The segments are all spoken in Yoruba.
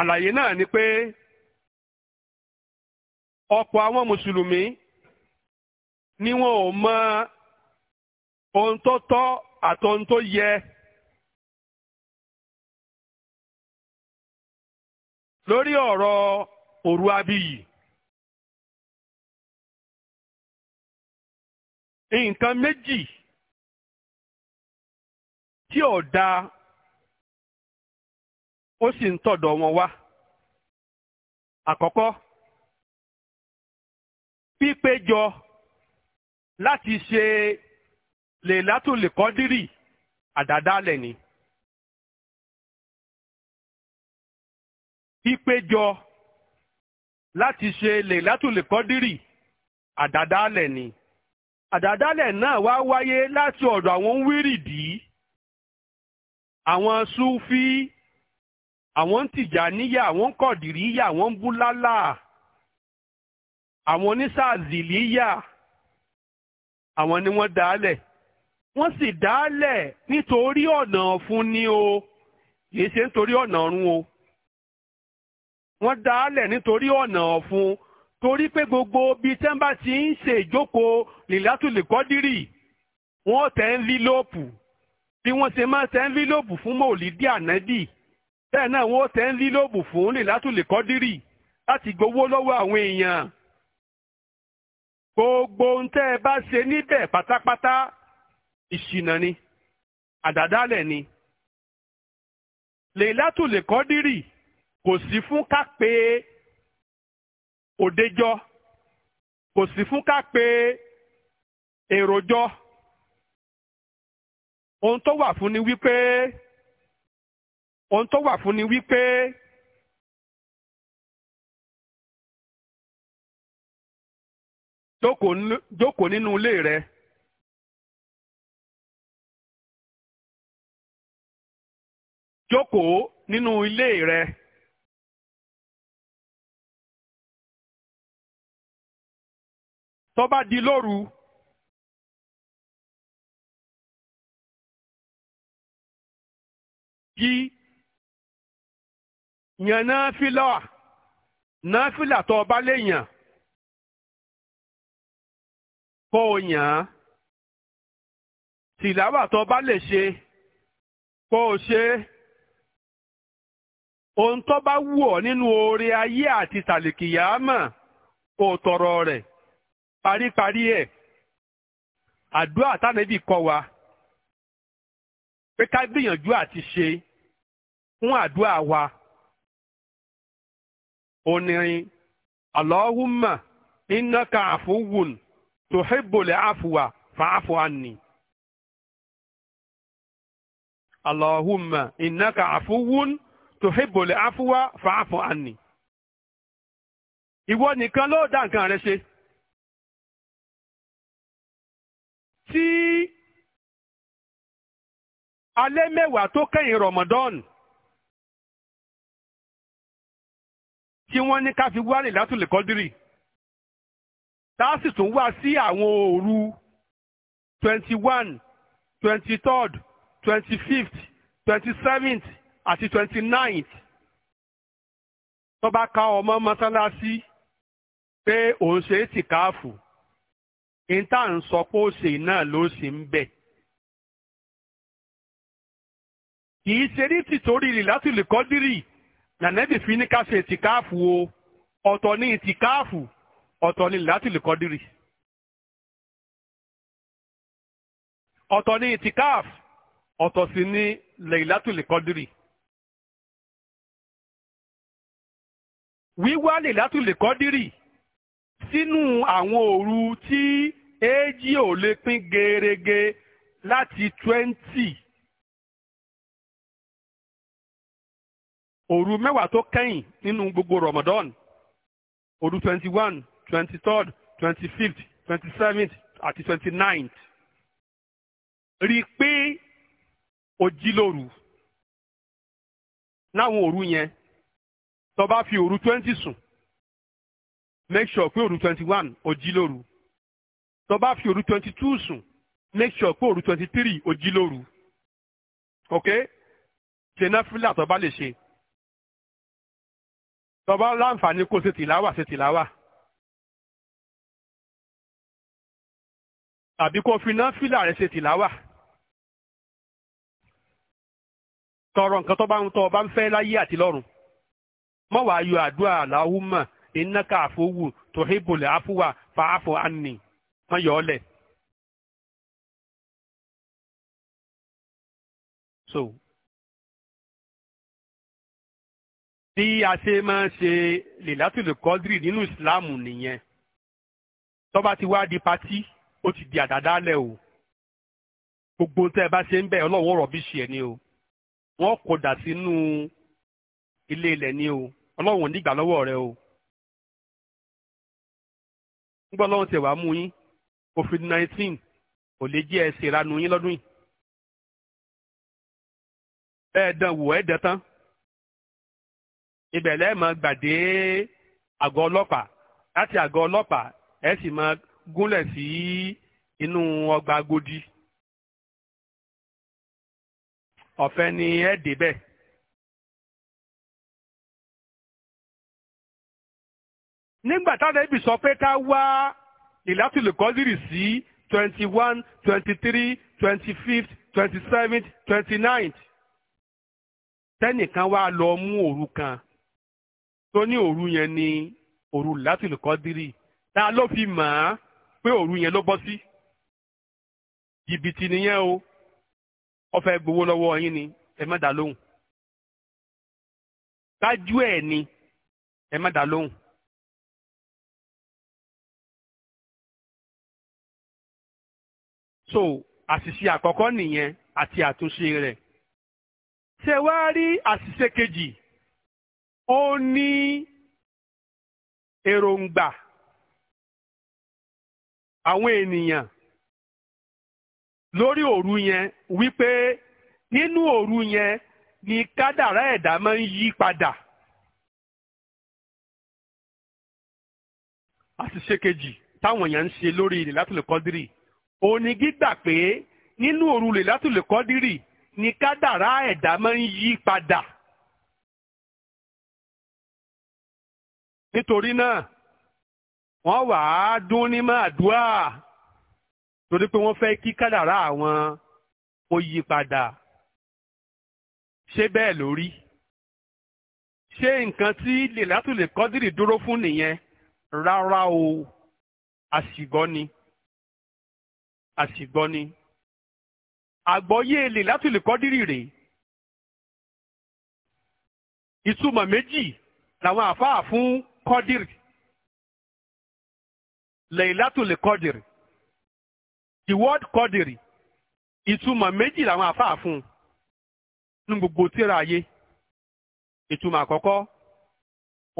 àlàyé náà ni pé ọ̀pọ̀ àwọn mùsùlùmí ni wọn ò mọ ohun tó tọ́ ohun tó yẹ. lórí ọ̀rọ̀ òru abiyì. nǹkan méjì tí ò da. ó sì ń tọ̀dọ̀ wọn wá. Àkọ́kọ́ pípéjọ láti ṣe lèlátòlè kọ́dírì àdádálẹ̀ ni. Pípéjọ láti ṣe lèlátòlè kọ́dírì àdádálẹ̀ ni. Àdádálẹ̀ náà wá wáyé láti ọ̀dọ̀ àwọn wírìdì àwọn súfí àwọn ń tìjà níyà àwọn ń kọ̀dìrí yà àwọn ń búlálà àwọn onísàzìlì yà àwọn ni wọ́n dálẹ̀ wọ́n sì dálẹ̀ nítorí ọ̀nà ọ̀fun ni o kì í ṣe nítorí ọ̀nà ọ̀run o wọ́n dálẹ̀ nítorí ọ̀nà ọ̀fun torí pé gbogbo bíi tẹ́ḿbà ti ń ṣe ìjókòó lìlátùlìkọ́dírì wọ́n tẹ́ ń lílóòpù bí wọ́n ṣe máa tẹ́ ń lílóòpù fún mọ̀ọ́lídìí ànábì bẹ́ẹ̀ náà wọ́n tẹ́ ń lílòbù fún lè látùlè kọ́dírì láti gbowó lọ́wọ́ àwọn èèyàn gbogbo ohun tẹ́ ẹ bá ṣe níbẹ̀ pátápátá ìṣìnà ni àdàdálẹ̀ ni lè látùlè kọ́dírì kò sí fún ká pé òdejọ́ kò sí fún ká pé èròjọ́ ohun tó wà fún ni wípé ohun tó wà fún ni wípé jókòó nínú ilé rẹ. jókòó nínú ilé rẹ. tó bá di lóru yí yàn náfìlà náfìlà tó o bá lè yàn kó o yàn án tìláwà tó o bá lè ṣe kó o ṣe é ohun tó bá wù ọ́ nínú oore ayé àti tàlìkìyàmà kó o tọrọ rẹ̀ paríparí ẹ̀ àdúrà tánàbì kọ́ wa pé ká gbìyànjú àti ṣe fún àdúrà wa. onírin Allahumma innaka afuwun tuhibbul afwa fa'fu anni. Allahumma innaka afuwun tuhibbul afwa anni. nìkan ló da nǹkan re ṣe. Tí alẹ́ mewa tó Ramadan tí wọ́n ní ká fi wá lè látòlè kọ́dírì tá sì tún wá sí àwọn òru twenty one twenty third twenty fifth twenty seventh àti twenty ninth tó bá ka ọmọ mọ́sálásí pé òun ṣe é tì káàfù níta ń sọ pé ó ṣe náà ló sì ń bẹ̀. kì í ṣe ní tìtorí ìlàtúlẹ̀ kọ́dírì nànẹ́bì fi ní ká ṣe ìtìkáàfù o ọ̀tọ̀ ní ìtìkáàfù ọ̀tọ̀ ní látìlì kọ́dírì ọ̀tọ̀ ní ìtìkáàfù ọ̀tọ̀ sì ní lẹ́yìnlátìlì kọ́dírì. wíwá lẹ́yìnlátìlì kọ́dírì sínú àwọn òru tí èjì ò lè pín gerege láti twenty òru mẹ́wàá tó kẹ́yìn nínú gbogbo Ramadan òru twenty one twenty third twenty fifth twenty seventh àti twenty ninth rí i pé o jí lóru láwọn òru yẹn tó bá fi òru twenty sùn make sure pé òru twenty one o jí lóru tó bá fi òru twenty two sùn make sure pé òru twenty three o jí lóru ok ṣe náà bá lè ṣe tọba láǹfààní kó ṣe tìláwà ṣe tìláwà tàbí kó fi náfìlà rẹ̀ ṣe tìláwà tọrọ nǹkan tó bá ń tọ́ ọba ń fẹ́ láyé àti lọ́run mọ́ wàá yọ àdúrà Allahumma innaka àfowù tuhibbul afwa fa'fu anni wọ́n yọ ọ́ lẹ̀. so bí a ṣe máa ń ṣe lèlátùlù kọ́dírì nínú ìsìláàmù nìyẹn tó ti wá di patí ó ti di àdádálẹ̀ o gbogbo tẹ́ ẹ bá ṣe ń bẹ̀ ọlọ́wọ́ rọ̀bìṣì ẹ̀ ni o wọ́n kò dà sínú ilé ilẹ̀ ni o ọlọ́wọ́ nígbà lọ́wọ́ rẹ o nígbà ọlọ́wọ́ tẹ̀ wá mú yín covid nineteen kò lè jẹ́ ẹsẹ̀ ìranu yín lọ́dún yìí ẹ̀ wò ẹ̀ tán ibẹ̀ lẹ́ẹ̀mọ́ gbàdé àgọ́ ọlọ́pàá láti àgọ́ ọlọ́pàá ẹ sì máa gúnlẹ̀ sí inú ọgbà agodi ọ̀fẹ́ ni ẹ dé nígbà táwọn ẹbí sọ pé ká wá ìlàtúlù kọ́dírì sí twenty one twenty three twenty fifth twenty seventh twenty ninth tẹ́nìkan wá lọ mú òru kan tó ní òru yẹn ni òru látìlù kọ́dírì ta ló fi mọ̀ á pé òru yẹn ló bọ́ sí. jìbìtì nìyẹn o ó gbowó lọ́wọ́ yín ni ẹ má dá lóhùn. tájú ẹ̀ ni ẹ má dá lóhùn. so àṣìṣe àkọ́kọ́ nìyẹn àti àtúnṣe rẹ̀. ṣé wàá rí àṣìṣe kejì ó ní èròǹgbà àwọn ènìyàn lórí òru yẹn wípé nínú òru yẹn ni kádàrá ẹ̀dá máa ń yí padà. àṣìṣe kejì táwọn èèyàn ń ṣe lórí ilẹ̀ látòlè kọ́dírì ni gbígbà pé nínú òru ilẹ̀ látòlè kọ́dírì ni kádàrá ẹ̀dá máa ń yí padà. nítorí náà wọ́n wà á dún ní màdúà torí pé wọ́n fẹ́ kí kádàrá àwọn ó yí padà ṣé bẹ́ẹ̀ lórí ṣé nǹkan tí lèlátùlè kọ́dìrì dúró fún nìyẹn rárá o àṣìgbọ́ ni àṣìgbọ́ ni àgbọ́yé lèlátùlè kọ́dìrì rèé ìtumọ̀ méjì làwọn àfáà fún kọ́dìrì lẹ́yìnlátòlè kọ́dìrì the word kọ́dìrì ìtumọ̀ méjì làwọn àfáà fún un ní gbogbo tíra ayé ìtumọ̀ àkọ́kọ́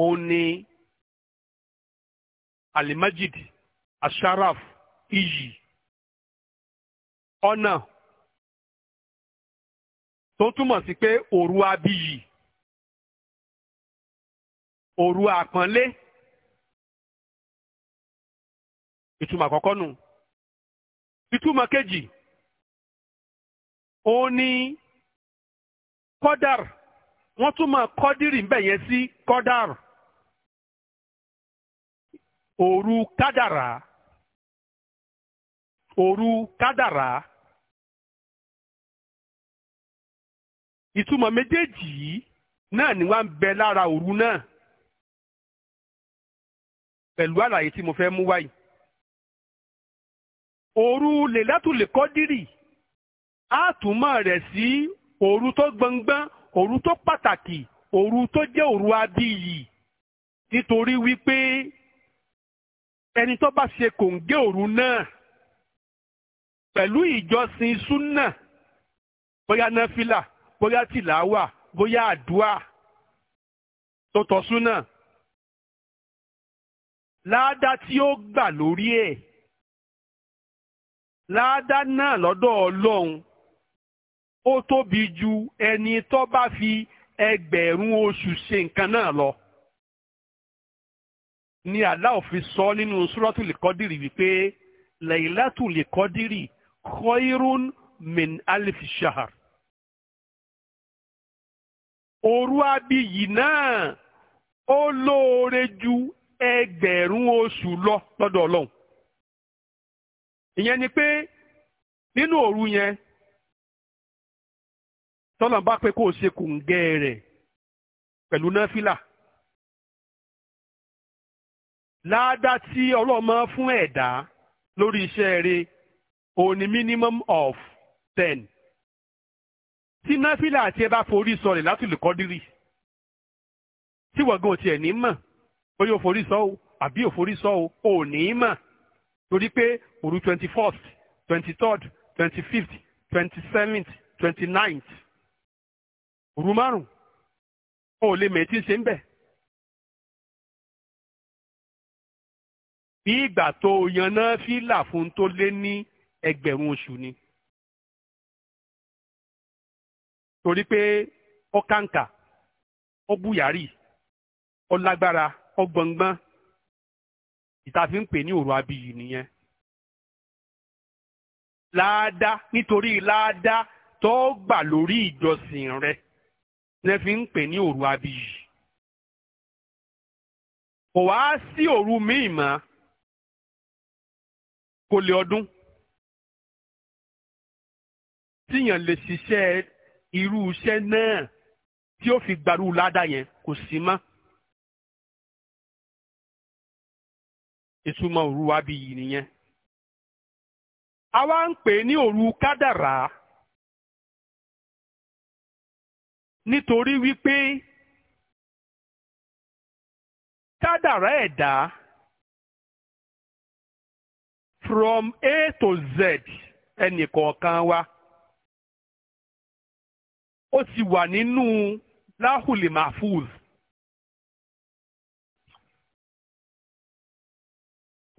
òun ni alimajid asharaf iyì ọ̀nà tó túmọ̀ sí pé òru abiyì. òru àpọ́nlé ìtumọ̀ àkọ́kọ́ nù ìtumọ̀ kejì ó ní kọ́dàr wọ́n tún máa kọ́dìrì ń bẹ̀ yẹn sí kọ́dàr òru kádàrà òru kádàrà ìtumọ̀ méjèèjì náà ni wọ́n ń bẹ lára òru náà. pẹ̀lú àlàyé tí mo fẹ́ mú wáyìí. òru lèlátùlè kọ́dírì àtúmọ̀ rẹ̀ sí òru tó gbọngbọ́n òru tó pàtàkì òru tó jẹ́ òru abiyì nítorí wípé ẹni tó bá ṣe kòǹgé òru náà pẹ̀lú ìjọsìn súnà bóyá náfìlà bóyá tìláwà bóyá àdúà tó tọ́ súnà láádá tí ó gbà lórí ẹ̀ láádá náà lọ́dọ̀ ọlọ́run ó tóbi ju ẹni tó bá fi ẹgbẹ̀rún oṣù ṣe nǹkan náà lọ. ni Allah fi sọ nínú súrọ́tù lìkọ́dìrì wípé lẹ́yìnlátù lìkọ́dìrì khairun min alif shahar. òru náà ó lóore ju ẹgbẹ̀rún oṣù lọ lọ́dọ̀ ọlọ́run ìyẹn ni pé nínú òru yẹn tọ́lọ̀ bá pé kó o ṣe kò ń gẹ́ rẹ̀ pẹ̀lú náfìlà láàdá tí ọlọ́run fún ẹ̀dá lórí iṣẹ́ rẹ̀ òun minimum of ten tí náfìlà àti ẹ bá forí sọ̀rọ̀ látìlú kọ́dírì tí wọ́n gan tiẹ̀ ní mọ̀ bóyá òforí sọ o àbí òforí sọ o ò ní í mà torí pé òru twenty first twenty third twenty fifth twenty seventh twenty ninth òru márùn ò lè mẹ̀tí ṣe ń bẹ̀. bí ìgbà tó yanná fílà fún tó lé ní ẹgbẹ̀rún oṣù ni. torí pé ó kàǹkà ó bùyàrí ó lágbára ọgbọ̀ngbọ́n ìtàfi ń pè ní òru abiyì nìyẹn láàdá nítorí láàdá tó gbà lórí ìjọsìn rẹ ní fi ń pè ní òru abiyì kò wá sí òru míì mọ́ kò lè ọdún tíyàn lè ṣiṣẹ́ irú iṣẹ́ náà tí ó fi gbarú ládàá yẹn kò sí mọ́. ìtumọ̀ òru wa bí yìí nìyẹn. wá ń pè ní òru kádàrá nítorí wípé kádàrá ẹ̀dá from A to Z ẹnìkọ̀ọ̀kan wa ó ti wà nínú ma mahfuz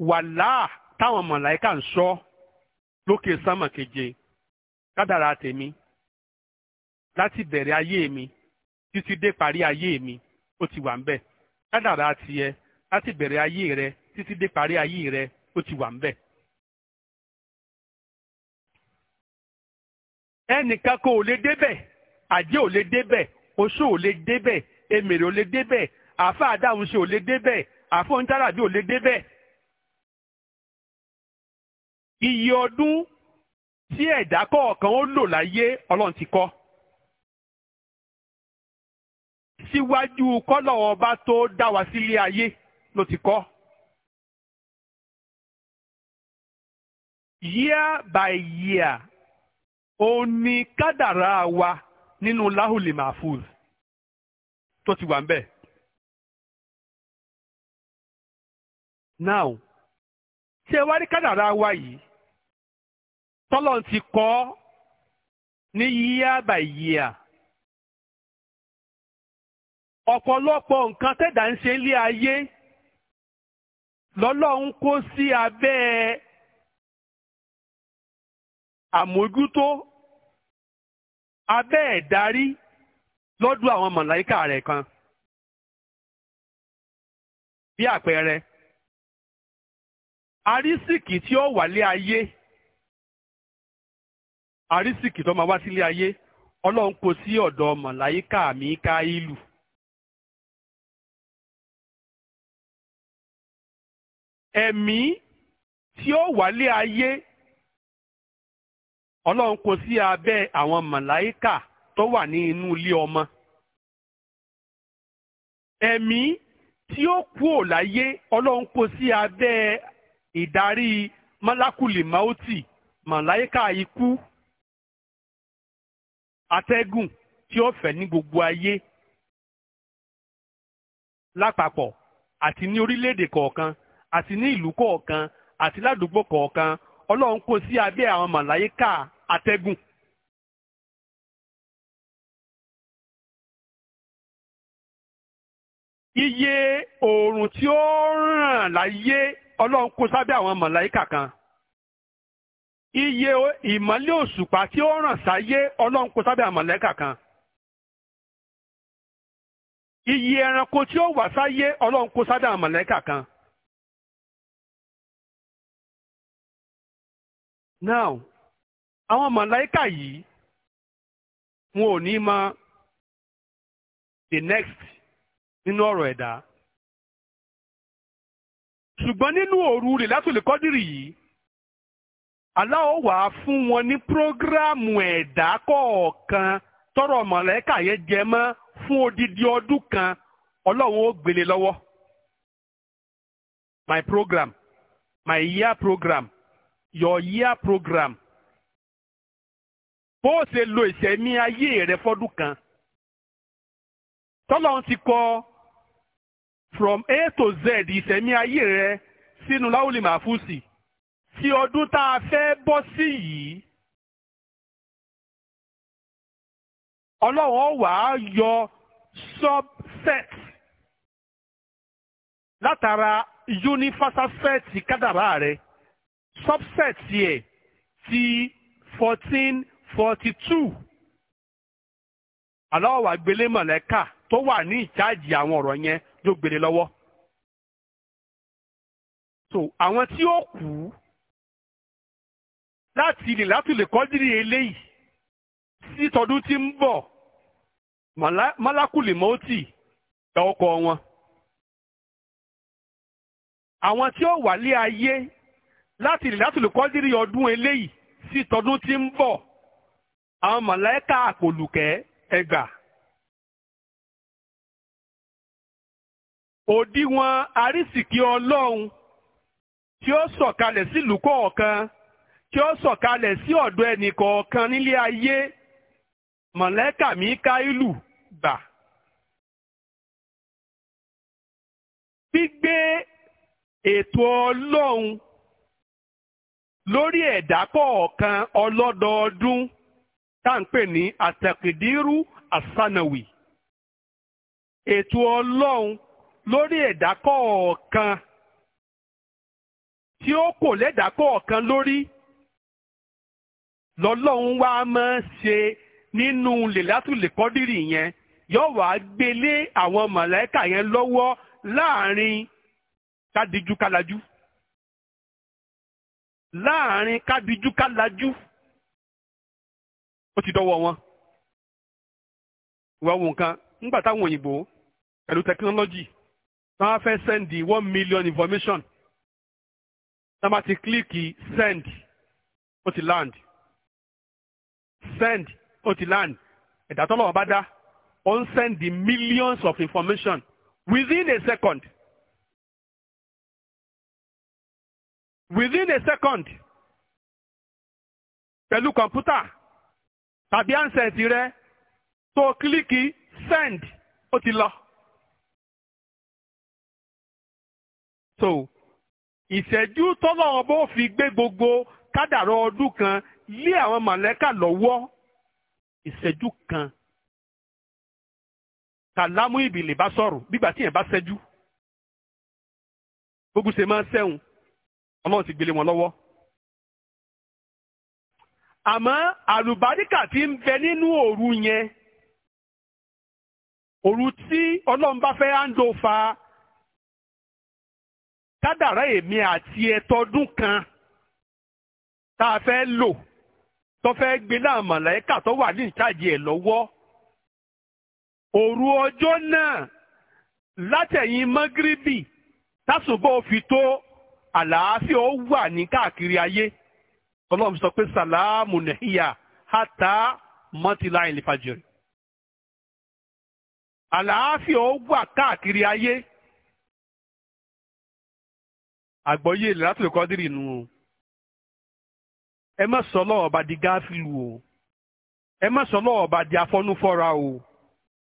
wàláà táwọn mọ̀láìkà ń sọ lókè sánmà keje kádàrá tèmi láti bẹ̀rẹ̀ ayé mi títí dé parí ayé mi ó ti wà ń bẹ̀ kádàrá tiẹ̀ láti bẹ̀rẹ̀ ayé rẹ títí dé parí ayé rẹ ó ti wà ń bẹ̀. ẹnìkan kò lè débẹ̀ àjẹ́ ò lè débẹ̀ oṣó ò lè débẹ̀ emèrè ò lè débẹ̀ àfa àdáhùnṣe ò lè débẹ̀ àfọ̀ntàràbí ò lè débẹ̀ iye ọdún tí ẹ̀dá kọ̀ọ̀kan ó lò láyé ọlọ́run ti kọ. síwájú kọ́lọ̀ ọba tó dá wa sílé ayé ló ti kọ. year by year òun ni kádàrá wa nínú láhùlì mahfuz tó ti wà ń bẹ̀. now ṣé wá rí kádàrá wa yìí tọ́lọ̀ ti kọ́ ní yíyá bàyíyà ọ̀pọ̀lọpọ̀ nǹkan tẹ̀dá ń ṣe ilé ayé lọ́lọ́run kó sí abẹ́ àmójútó abẹ́ ẹ̀darí lọ́dún àwọn màláíkà rẹ̀ kan bí àpẹẹrẹ arísìkì tí ó wà lé ayé àrísìkì tó máa wá sílé ayé ọlọ́run kò sí ọ̀dọ̀ mọ̀láyíkà Míkáílù. ẹ̀mí tí ó wálé ayé ọlọ́run kò sí abẹ́ àwọn mọ̀láyíkà tó wà ní inú ilé ọmọ. ẹ̀mí tí ó kúò láyé ọlọ́run kò sí abẹ́ ìdarí mọ́lákùlì máòtì mọ̀láyíkà ikú atẹ́gùn tí ó fẹ́ ní gbogbo ayé lápapọ̀ àti ní orílẹ̀-èdè kọ̀ọ̀kan àti ní ìlú kọ̀ọ̀kan àti ládùúgbò kọ̀ọ̀kan ọlọ́run kò sí abẹ́ àwọn màláyíkà atẹ́gùn. iye oòrùn tí ó ràn láyé ọlọ́run kò sábẹ́ àwọn màláyíkà kan. iye ìmọ́lẹ̀ òṣùpá tí ó ràn sáyé yé kó sábẹ́ àmọ̀lẹ́kà kan iye ẹranko tí ó wà sáyé ọlọ́run kó sábẹ́ àmọ̀lẹ́kà kan. now àwọn mọ̀láìkà yìí wọn ò ní mọ the next nínú ọ̀rọ̀ ẹ̀dá ṣùgbọ́n nínú òru rẹ̀ látòlè kọ́dìrì yìí Allah ó wá fún wọn ní prógráàmù ẹ̀dá kọ̀ọ̀kan tọrọ mọ̀lẹ́kà yẹn jẹ mọ́ fún odidi ọdún kan ọlọ́run ó gbélé lọ́wọ́. my program my year program your year program bó o ṣe lo ìṣẹ̀mí ayé rẹ fọ́dún kan tọ́lọ́run ti kọ from A to Z ìṣẹ̀mí ayé rẹ sínú láwùlì màfúùsì ti ọdún tá a fẹ́ bọ́ sí yìí ọlọ́run wà á yọ subset látara universal set kádàrá rẹ̀ subset yẹ ti fourteen forty two aláwọ̀ wà gbélé mọ̀lẹ́kà tó wà ní ìjáàjì àwọn ọ̀rọ̀ yẹn yóò gbélé lọ́wọ́. so àwọn tí ó kù láti ilẹ̀ látìlẹ̀ kọ́dírì eléyìí sí tọdún tí ń bọ̀ málákùlì mọ́tì gba ọkọ̀ wọn. àwọn tí ó wà lé ayé láti ilẹ̀ látìlẹ̀ kọ́dírì ọdún eléyìí sí tọdún tí ń bọ̀ àwọn màláíkà àpòlùkẹ́ ẹgbàá. òdiwọ̀n àrísìkí ọlọ́run tí ó sọ̀kalẹ̀ sílùú kọ̀ọ̀kan. Si tí ó sọ̀kalẹ̀ sí ọ̀dọ̀ ẹnì kọ̀ọ̀kan nílé ayé mọ̀lẹ́kà Míkáílù gbà. gbígbé ètò Ọlọ́run lórí ẹ̀dá kọ̀ọ̀kan ọlọ́dọọdún tá n ń pè ní àtẹ̀kìdírú àsánàwì. ètò Ọlọ́run lórí ẹ̀dá kọ̀ọ̀kan tí ó kò lẹ́dá kọ̀ọ̀kan lórí lọ́lọ́run wá máa ṣe nínú lèlátùlẹ̀ kọ́dírì yẹn yóò wá gbélé àwọn mọ̀lẹ́kà yẹn lọ́wọ́ láàrin kádìjú kálajú láàrin kádìjú kálajú ó ti dọ́wọ́ wọn wọ́n wo nǹkan nígbà táwọn òyìnbó pẹ̀lú tẹkinọ́lọ́jì wọ́n á fẹ́ sẹ́ndì one million information tá a bá ti kílíkì send ó ti land send ó ti land ẹ̀dá tọ́lọ́wọ́ bá dá ó ń send the millions of information within a second within a second pẹ̀lú kọ̀ǹpútà tàbí ansẹ̀tì rẹ tó kílíkì send ó ti lọ. so ìṣẹ́jú tọ́lọ́wọ́ bó fi gbé gbogbo kádàrọ̀ ọdún kan lé àwọn mọ̀lẹ́kà lọ́wọ́ ìṣẹ́jú kan kàlámù ìbìlì bá sọ̀rọ̀ gbígbà tí yẹn bá ṣẹ́jú gbogbo ṣe máa ń sẹ́hùn ọlọ́run ti gbélé wọn lọ́wọ́. àmọ́ àlùbáríkà ti ń bẹ nínú òru yẹn òru tí ọlọ́run bá fẹ́ áńdò fa kádàrá èmi àti ẹ̀tọ́dún kan tá a fẹ́ lò. tó fẹ́ gbé láwọn màláíkà tó wà ní ẹ̀ lọ́wọ́. òru ọjọ́ náà látẹ̀yìn mọ́gíríbì tásùbọ̀ fi tó àlàáfíà ó wà ní káàkiri ayé. ọlọ́run sọ pé sàlámù nàìyà hàtà mọ́tìlá ìlífàjẹ̀rì. àlàáfíà ó wà káàkiri ayé. ẹ má sọ lọ́wọ́ bá di gáfílù o ẹ má sọ lọ́wọ́ bá di afọ́núfọ́ra o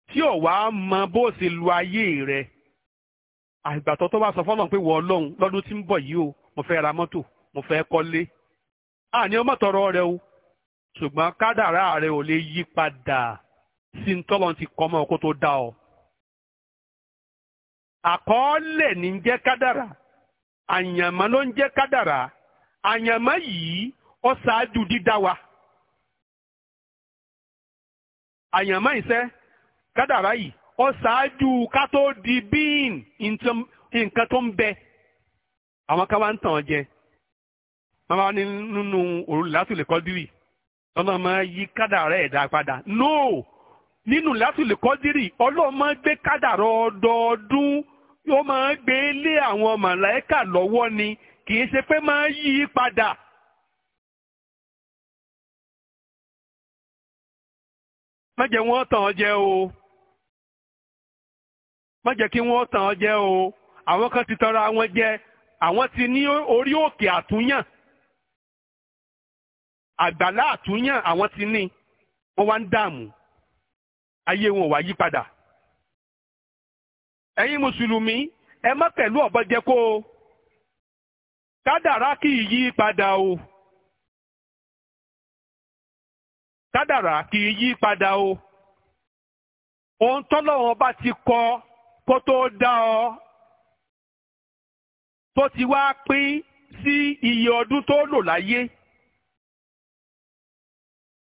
tí ò wá mọ bó o ṣe lu ayé rẹ àgbàtọ́ tó bá sọ fọ́lọ́n pé wọ́n ọlọ́run lọ́dún tí ń bọ̀ yìí o mo fẹ́ ra mọ́tò mo fẹ́ kọ́lé àní ọmọ tọrọ rẹ o ṣùgbọ́n kádàrá rẹ ò lè yí padà sí ń tọ́lọ́n ti kọ́ mọ́ kó tó da ọ. àkọọ́lẹ̀ ní ń jẹ́ kádàrá àyànmọ́ ló ń jẹ́ kádàrá àyànmọ́ yìí ó ṣáájú dídá wa àyànmọ́ iṣẹ́ kádàrá yìí ó ṣáájú ká tó di bíìn nǹkan tó ń bẹ àwọn ká wá ń tàn jẹ màmá wa ní nínú òrùlé látòlẹ́kọ́ dírì ọlọ́run máa yí kádàrá ẹ̀dá padà no nínú látòlè kọ́dírì ọlọ́run máa gbé kádàrá ọdọọdún yóò máa gbé lé àwọn màláíkà lọ́wọ́ ni kì í ṣe pé máa yí padà. má jẹ́ wọ́n tàn ọ́ jẹ o má jẹ́ kí wọ́n tàn ọ́ jẹ o àwọn kan ti tanra wọn jẹ àwọn ti ní orí òkè àtúnyàn àgbàlá àtúnyàn àwọn ti ní wọ́n wá ń dààmú ayé wọn ò wá yí ẹ má pẹ̀lú ọ̀bọ kó o kádàrá kádàrá kì í yí padà o ohun tọ́lọ́wọ́n bá ti kọ kó tó dá ọ tó ti wá pín sí iye ọdún tó lò láyé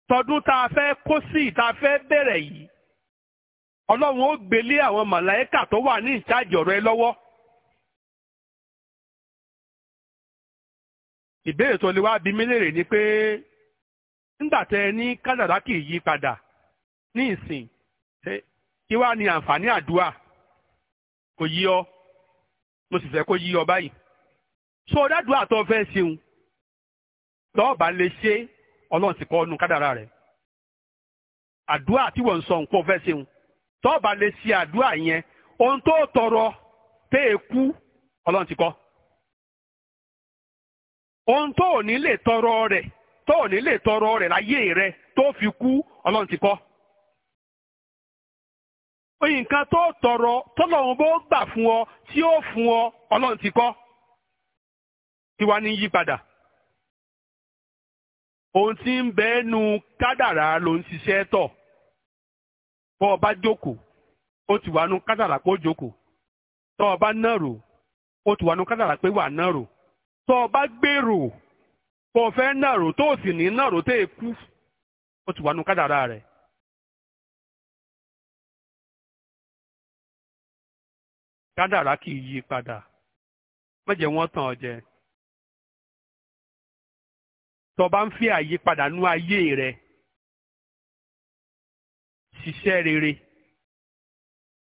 tọdún tá a fẹ́ kó sí tá a fẹ́ bẹ̀rẹ̀ yìí ọlọ́run ó gbélé àwọn màláíkà tó wà ní ìtajà ọ̀rọ̀ ẹ lọ́wọ́. ìbéèrè tó lè wá bí mí ni pé. nígbà tẹ ẹ ní kádàrá kì í yí padà ní ìsìn kí wàá ní àǹfààní àdúrà kò yí ọ mo sì fẹ́ kó yí ọ báyìí so ọ̀dàdúrà tó fẹ́ ṣeun tọ́ọ̀bà lè ṣe ọlọ́run ti kọ́ ọ́nù kádàrá rẹ̀ àdúrà tí wọ́n ń sọ nǹkan fẹ́ ṣeun tọ́ọ̀bà lè ṣe àdúrà yẹn ohun tó tọrọ tẹ́ ẹ kú ohun tó ò ní lè tọrọ tó ò ní lè tọrọ rẹ̀ láyé rẹ̀ tó fi kú ọlọ́run ti kọ́. nǹkan tó tọrọ tọ́lọ́run bó gbà fún ọ tí ó fún ọ ọlọ́run ti kọ́. tiwa ní yípadà. ohun tí ń bẹ nu kádàrá ló ń ṣiṣẹ́ tọ̀. bọ́ ọ bá jókòó ó ti wà nu kádàrá pé ó jókòó. tọ́ ọ bá nàró ó ti wà nu kádàrá pé wà nàró. tọ́ ọ bá gbèrò. pọ̀ fẹ́ nàró tó sì ní nàró tó èkú ó ti wà nù kádàrá rẹ̀. kádàrá kì í yí padà mọ̀jẹ̀ wọ́n tàn ọ́ jẹ. tó ń fi àyípadà nú ayé rẹ ṣiṣẹ́ rere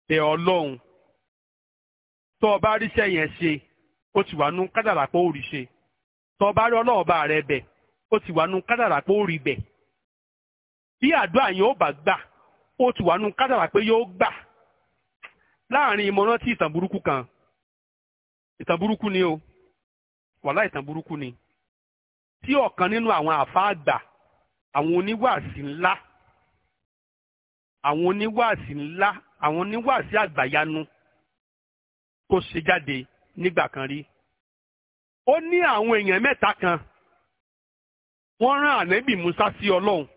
bẹ ọlọ́run tó o bá ríṣẹ́ yẹn ṣe ó ti wà nù kádàrá pé ó rí ṣe. tó bá rí ọlọ́ọ̀ba rẹ bẹ̀ ó ti wà nù kádàrà pé ó rí bẹ̀ bí àdúrà yẹn ó bá gbà ó ti wà nù kádàrà pé yóò gbà láàrin ìmọ̀ràn tí ìtàn burúkú kan ìtàn burúkú ni o wàhálà ìtàn burúkú ni tí ọ̀kan nínú àwọn àfáà àgbà àwọn oníwàásí ńlá àwọn oníwàásí ńlá àwọn oníwàásí àgbàyanu kò ṣe jáde nígbà kan rí ó ní àwọn èèyàn mẹ́ta kan wọ́n rán ànẹ́bì Musa sí Ọlọ́run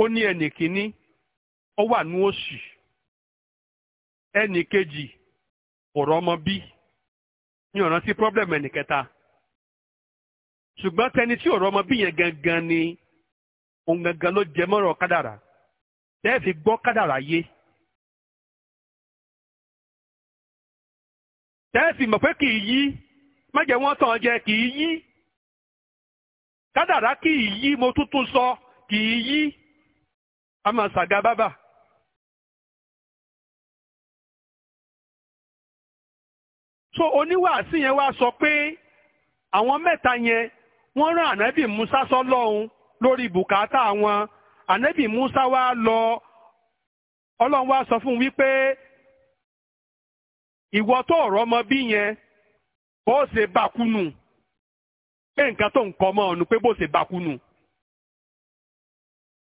ó ní ẹnì kínní ó wà ní òṣì ẹnì kejì ọ̀rọ̀ ọmọ bí ní ọ̀ràn sí pírọ́blẹ̀mù ẹnì kẹta ṣùgbọ́n tẹni tí ọ̀rọ̀ ọmọ bí yẹn gangan ni òun gangan ló jẹ mọ́rọ̀ kádàrà tẹ́ẹ̀ fi gbọ́ kádàrà yé. tẹ́ẹ̀sì mọ̀ pé kì í yí má jẹ́ wọ́n tàn jẹ kì í yí kádàrá kì í yí mo tuntun sọ kì í yí a máa ṣàga bábà. so oníwàásí yẹn wá sọ pé àwọn mẹ́ta yẹn wọ́n rán ànábì Musa sọ́lọ́hun lórí bùkátà wọn ànábì Musa wá lọ ọlọ́run wá sọ fún un wípé ìwọ tó ọ̀rọ̀ ọmọ bí yẹn bó ṣe bakúnù pé nǹkan tó ń kọ́ mọ́ ọ̀nù pé bó ṣe bakúnù.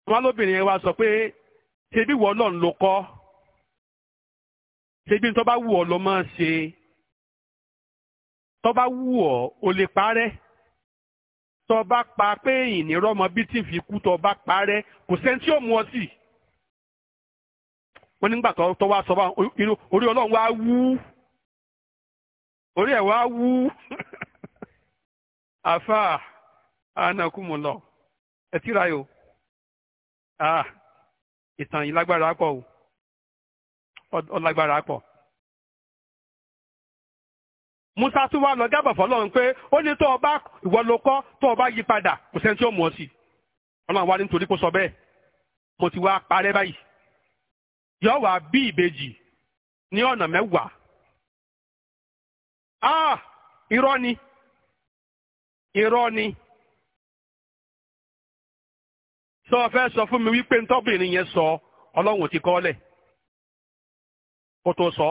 wọn lóbìnrin yẹn wá sọ pé ṣebí ìwọ ọlọ́run ló kọ́ ṣebí tó bá wù ọ́ ló máa ṣe tó bá wù ọ́ o lè parẹ́ tó bá pa pé ìnirọ́mọ bí tí fi kú tó bá parẹ́ kò sẹ́ni tí mú ọ sí wọ́n nígbà tó wá sọ wá orí ọlọ́run wá wú orí ẹ̀ wá wú àfà ànàkùmùlọ ẹ tíra yòó ìtàn yìí lágbára pọ̀ ó lágbára pọ̀. Musa tún wá lọ gábà fọlọ́run pé ó ní tó o bá ìwọ ló kọ́ tó o bá yí padà kò sẹ́ni tí ó mú ọ sí. Ọlọ́run wá ní nítorí kó sọ bẹ́ẹ̀ mo ti wá parẹ́ báyìí. yóò wá bí ìbejì ní ọ̀nà mẹ́wàá. ah irọ́ ni irọ́ ni sọ fẹ́ sọ fún mi wípé ntọ́bìnrin yẹn sọ ọlọ́run ti kọ́lẹ̀ lẹ̀ kó tó sọ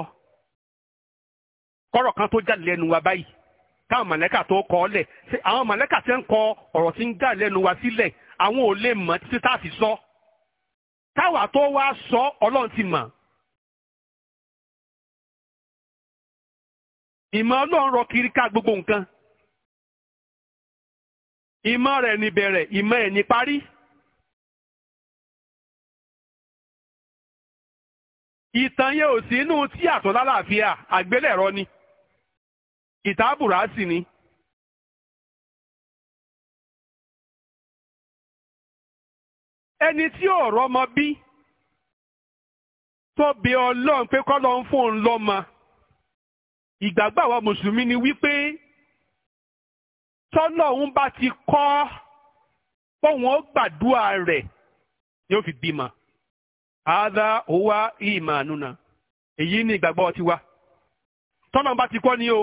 kọ́rọ̀ kan tó jáde lẹ́nu wa báyìí káwọn mọ̀lẹ́kà tó kọ́ àwọn mọ̀lẹ́kà tẹ́ ń kọ ọ̀rọ̀ tí ń jáde lẹ́nu wa sílẹ̀ àwọn ò lè mọ̀ títí tá a fi sọ. So. táwa tó wá sọ ọlọ́run ti mọ̀. ìmọ̀ ọlọ́run rọ kiri ká gbogbo nǹkan. ìmọ̀ rẹ̀ ní bẹ̀rẹ̀ ìmọ̀ ẹ̀ ní parí. ìtàn yẹn ò sí inú tí lálàáfíà àgbélẹ̀rọ ni. ìtàbùrà sì ni. ẹni tí ọ̀rọ̀ ọmọ bí tó bí ọlọ́run pé kọ́ lọ ń fún un lọ́mọ ìgbàgbọ́ àwa mùsùlùmí ni wípé tọ́lọ́run bá ti kọ́ pọ̀wọ́n ó gbàdúrà rẹ̀ ni ó fi bímọ. àádá òwá ìmàánúna èyí ni ìgbàgbọ́ tiwa tọ́lọ́run bá ti kọ́ ni o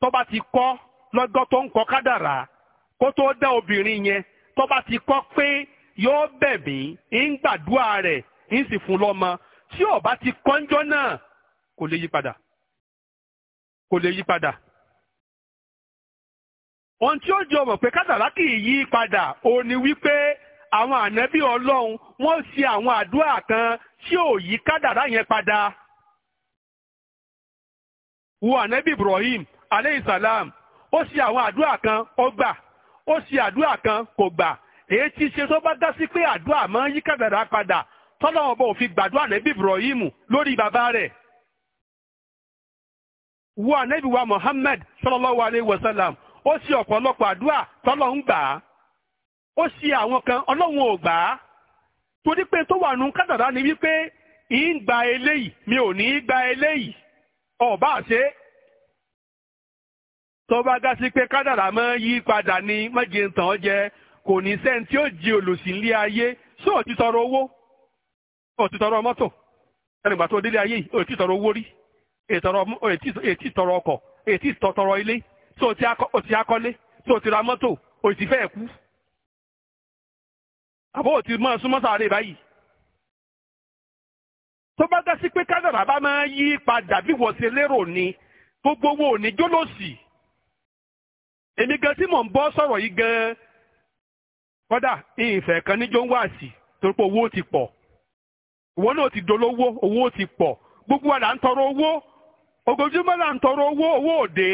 tó bá ti kọ́ lọ́gọ́ tó ń kọ́ kádàrá kó tó dá obìnrin yẹn tó bá ti kọ́ pé yóò bẹ̀ mí ń gbàdúrà rẹ̀ ń sì fún lọ́mọ tí ó bá ti kọ́njọ́ náà kò lè yí padà kò lè yí padà. ohun tí ó jọ mọ̀ pé kádàrá kì í yí padà ó ní wípé àwọn ànábì ọlọ́run wọ́n ṣe àwọn àdúrà kan tí ò yí kádàrá yẹn padà. wo ànábì Ibrahim aleyhisalam ó ṣe àwọn àdúrà kan ó gbà ó ṣe àdúrà kan kò gbà èyí ti ṣe tó bá dá sí pé àdúrà máa ń yí kàdàrà padà tọ́lọ́wọ́ bò fi gbàdúrà nẹ́bí Ibrahim lórí bàbá rẹ̀. wo ànẹ́bí wa Muhammad sallallahu alayhi wa sallam ó ṣe ọ̀pọ̀lọpọ̀ àdúrà ń gbà á ó ṣe àwọn kan ọlọ́run ò gbà á wà ni gba eléyìí mi ò ní í gba eléyìí ọ̀bá àṣẹ tó bá dá sí kò ní sẹ́ni tí ó jí olùsí ilé ayé ṣé ò ti tọrọ owó ò ti tọrọ mọ́tò ẹnìgbà tó délé ayé yìí tọrọ owó rí èti tọrọ ọkọ̀ èti tọrọ ilé tí o ti akọ́lé tí o ti ra mọ́tò o ti fẹ́ kú àbọ̀ o ti mọ́ súnmọ́ sáré báyìí tó bá dásí pé kádàrá bá máa yí padà bí wọ́n ṣe lérò ni gbogbo owó òní jólóòsì èmi gan tí mò ń bọ́ sọ̀rọ̀ yìí gan kódà ìfẹ́ kan níjó ń wá sí torí owó ti pọ̀ ìwọ náà ti dolówó owó ti pọ̀ gbogbo wa là ń tọrọ owó ogójúmọ́ là ń tọrọ owó owó òde.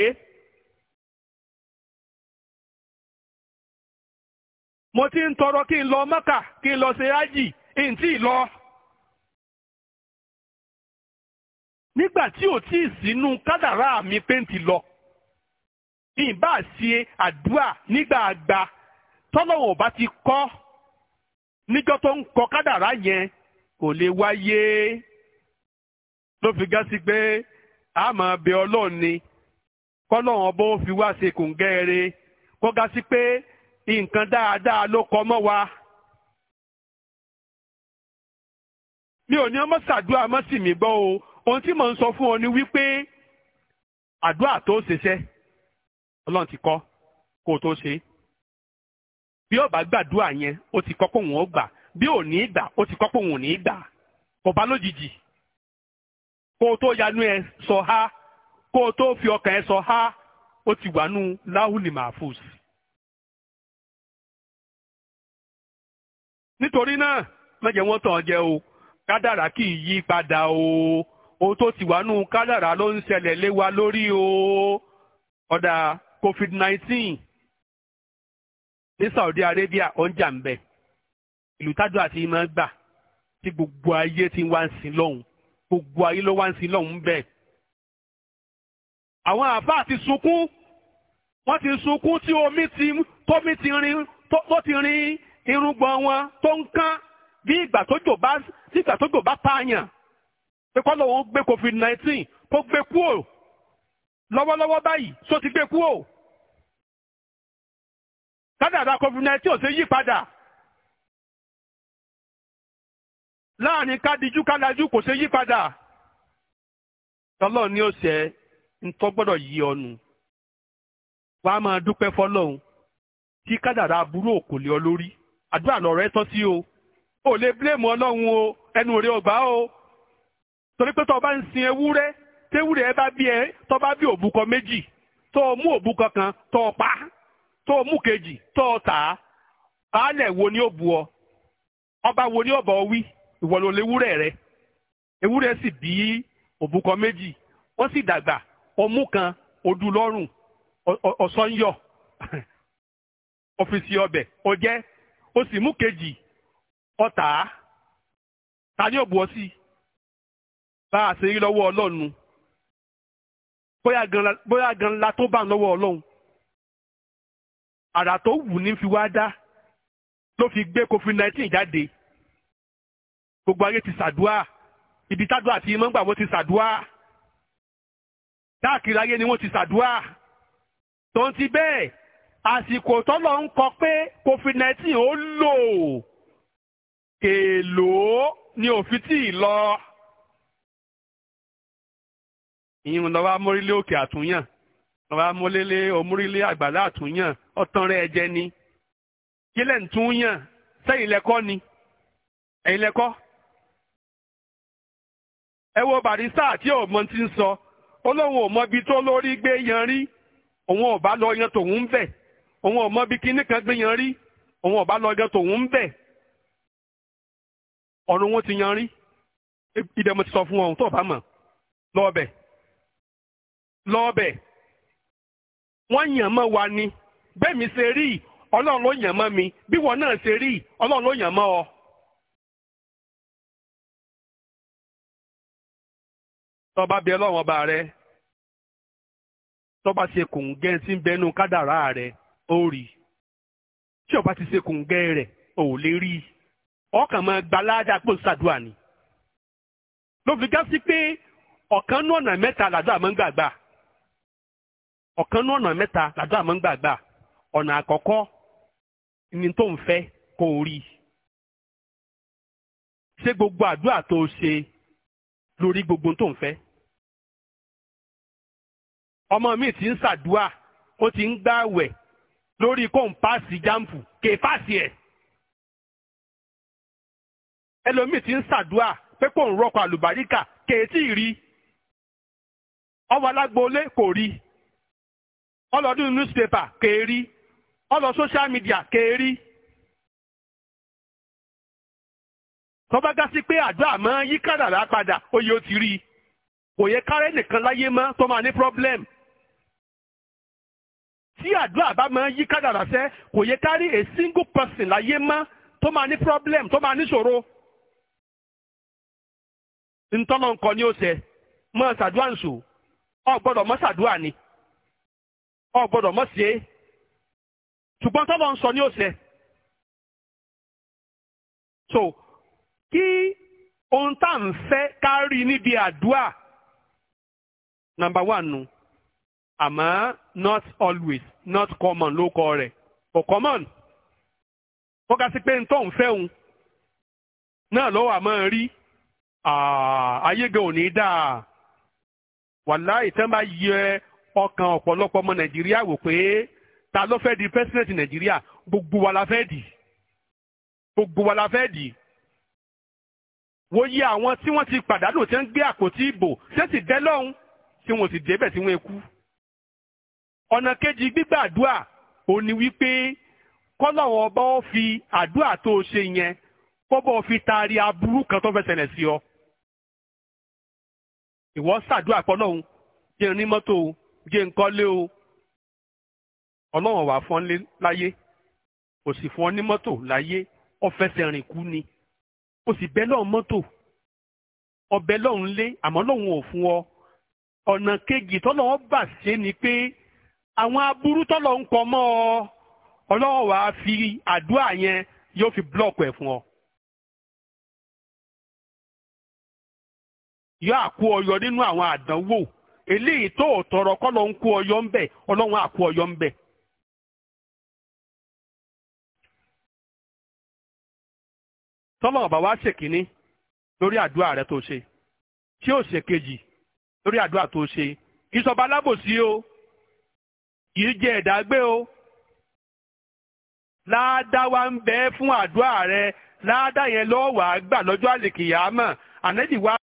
mo ti ń tọrọ kí n lọ mọ́kà kí n lọ ṣe ájì n tí ì lọ. nígbà tí ò tí ì sínú kádàrá mi pé ń ti lọ. ìbá ṣe àdúrà nígbà àgbà tọ́lọ́wọ̀n bá ti kọ́ níjọ́ tó ń kọ kádàrá yẹn kò lè wáyé ló fi gá sí pé a máa bẹ ọlọ́run ni kọ́lọ́wọ̀n bó fi wá ṣe kòǹgẹ́rẹ́ kó gá sí pé nǹkan dáadáa ló kọ mọ́ wa. mi ò ní ọmọ ṣàdúrà mọ́ sí mi gbọ́ o ohun tí mò ń sọ fún ọ ni wípé àdúrà tó ṣeṣẹ́ ọlọ́run ti kọ́ kó o tó ṣe bí ọba bá gbàdúrà yẹn ó ti kọ́ pé òun ó gbà bí ò ní gbà ó ti kọ́ pé òun ò ní gbà kò lójijì kó o tó yanú ẹ sọ ha kó o tó fi ọkàn ẹ sọ ha ó ti wà nú láhùlì mahfuz. nítorí náà má wọn wọ́n tàn jẹ o kádàrá kì í yí padà o ohun tó ti wà nú kádàrá ló ń ṣẹlẹ̀ lé wa lórí o ọ̀dà covid nineteen ní Saudi Arabia ó ń jà ń bẹ ìlú tájú àti ìmọ̀ gbà tí gbogbo ayé ti wá ń sin lọ́hùn gbogbo ayé ló wá ń sin lọ́hùn bẹ́ẹ̀. àwọn àbá ti sunkún wọ́n ti sunkún tí omi ti tómi ti rin tó ti rin irùngbọ̀n wọn tó ń kán bí ìgbà tójò bá bí ìgbà tójò bá pààyàn pé kọ́ lọ́wọ́ gbé covid nineteen kó gbé kúò lọ́wọ́lọ́wọ́ báyìí só ti gbé kúò. kádàrá covid-19 ò ṣe yí padà láàrin kádìjú kálájú kò ṣe yí padà tọ́lọ́ ni ó ṣe ntọ́ gbọ́dọ̀ yí ọnu wàá máa dúpẹ́ fọlọ́hún tí kádàrá burú òkò lé ọ lórí àdúrà lọ̀rọ̀ ẹ tọ́ sí o ò lè bílẹ̀mù ọlọ́run o ẹnu rẹ ò gbà o torí pé tó o bá ń sin ewúrẹ́ tewúrẹ́ bá bí ẹ tọba bí òbúkọ méjì tó mú òbúkọ kan tó o pa tó mú kejì tó tà á baálẹ̀ wo ni ó bu ọ ọba wo ni ó bọ̀ wí ìwọ ló rẹ ewúrẹ́ sì bí òbúkọ méjì wọn sì dàgbà ọmú kan odù lọ́rùn ọ̀sán o ọ̀fíìsì o si ó sì mú kejì ọ̀tá ta ni ó bu ọ sí bá a ṣe rí lọ́wọ́ ọlọ́run bóyá gan la tó bá ń lọwọ ọlọ́run àrà tó wù ní fi wá dá ló fi gbé covid nineteen jáde gbogbo ayé ti ṣàdúà ibi tádùá àti imọ̀ ń gbà wọ́n ti ṣàdúà káàkiri ayé ni wọ́n ti ṣàdúà tó ń ti bẹ́ẹ̀ àsìkò tọ́lọ̀ ń kọ pé covid nineteen ó lò èèlò ni òfin tì í lọ. ìyẹn lọ́wọ́ amórílé òkè àtúnyàn ọ̀rọ̀ molele, òmúrílé àgbàlá àtúnyàn ọ̀tàn rẹ̀ ẹ̀jẹ̀ ni kílẹ̀ ń tún yàn sẹ́yìn lẹ́kọ́ ni ẹ̀yìn lẹ́kọ́. ẹ wo barista àti ọmọ ti ń sọ ó lóun ò mọbi tó lórí gbé yan rí òun ò bá lọ yan tòun ń bẹ̀ òun ò mọbi kíní kan gbé yan rí òun ò lọ yan tòun ń bẹ̀ ọ̀run wọn ti yan ìdẹ̀mọ̀ ti sọ fún ọ̀hún tó bá mọ̀ lọ́ọ̀bẹ̀ lọ́ọ̀bẹ̀. wọ́n yàn mọ́ wa ni bẹ́ẹ̀ mi ṣe rí ọlọ́run ló yàn mọ́ mi bí wọn náà ṣe rí ọlọ́run ló yàn mọ́ ọ. tó bá ọlọ́run ọba rẹ tó bá ṣe kòǹgẹ́ tí ń bẹnu kádàrá rẹ ó rí tí ọba bá ti ṣe kòǹgẹ́ rẹ ò lè rí ọkàn máa gba ládàá pò sàdúà ni ló fi gá sí pé ọ̀kan náà ọ̀nà mẹ́ta làdúrà máa ń gbàgbà. ọ̀kan ní ọ̀nà mẹ́ta làdúrà máa ń gbàgbà ọ̀nà àkọ́kọ́ ni tó ń rí ṣé gbogbo àdúrà tó o ṣe lórí gbogbo tó ń ọmọ mi ti ń o ti ń gbààwẹ̀ lórí kó n paasi jáǹpù kè paasi ti ń pé kó rọkọ àlùbáríkà tí ì rí Ọlọdụ ọlọ́dún newspaper kèérí ọlọ́ social media kèérí. tọ́ba gá sí pé àdó àmọ́ yí kádàrá padà ó yẹ ó ti rí i kò yẹ kárẹ́ nìkan láyé mọ́ tó máa ní problem. tí àdó àbá máa yí kádàrá sẹ́ kò yẹ kárí a single person láyé mọ́ tó máa ní problem tó máa ní ṣòro. ntọ́nà nǹkan ni ó ṣe mọ́ ṣàdúrà ń sò ọ gbọ́dọ̀ mọ́ ṣàdúrà ni. ọ gbọ́dọ̀ mọ̀ sí é ṣùgbọ́n tọ́lọ̀ ń sọ ní òṣè so kí ohun tá à ń fẹ́ ká rí níbi àdúrà number one nu àmọ́ not always not common ló kọ rẹ̀ kò common wọ́n ká sí pé ń tó ń fẹ́ òun náà lọ́wọ́ àmọ́ rí ayége ò ní dáa wàláì tẹ́ bá yẹ ọkàn ọ̀pọ̀lọpọ̀ ọmọ nàìjíríà wò pé ta ló fẹ́ di president nàìjíríà gbogbo wa la fẹ́ dì gbogbo wa la fẹ́ dì wo yí àwọn tí wọ́n ti pàdánù tí ń gbé àpótí ìbò ṣé sì dẹ́ lọ́hùn tí wọ́n sì débẹ̀ tí wọ́n kú. ọ̀nà kejì gbígbàdúà ò wípé kọ́lọ́wọ́ ọba ó fi àdúà tó o ṣe yẹn kọ́bọ̀ fi taari aburú kan tó fẹ́ ṣẹlẹ̀ sí ọ. ìwọ ṣàdúà pọ́lọ́hùn jẹ́ onímọ́tò jẹ́ nǹkan lé o ọlọ́run wà fún ọ láyé kò sì fún ọ ní mọ́tò láyé ó fẹsẹ̀ rìn kú ni ó sì bẹ́ lọ́run mọ́tò ọbẹ̀ lọ́run lé àmọ́ lọ́run ò fún ọ ọ̀nà kejì tọ́lọ́run bà ṣe ni pé àwọn aburú tọ́lọ́run pọ̀ mọ́ ọ ọlọ́run wà á fi àdúrà yẹn yóò fi búlọ̀kù ẹ̀ fún ọ. yóò àkó ọyọ nínú àwọn àdánwò. eléyìí tó o tọrọ kọ́ ló ń kó ọyọ́ ń bẹ̀ ọlọ́run á kó ń bẹ̀. tọ́lọ̀ ọ̀bà wa ṣèkínní lórí àdúrà rẹ tó ṣe tí ó ṣe lórí àdúrà tó ṣe ìsọba alábòsí o kì í jẹ ẹ̀dá gbé o láàdá wa ń bẹ fún àdúrà rẹ láàdá yẹn lọ́wọ́ wàá gbà lọ́jọ́ àlèkìyàmọ̀ ànẹ́dì wa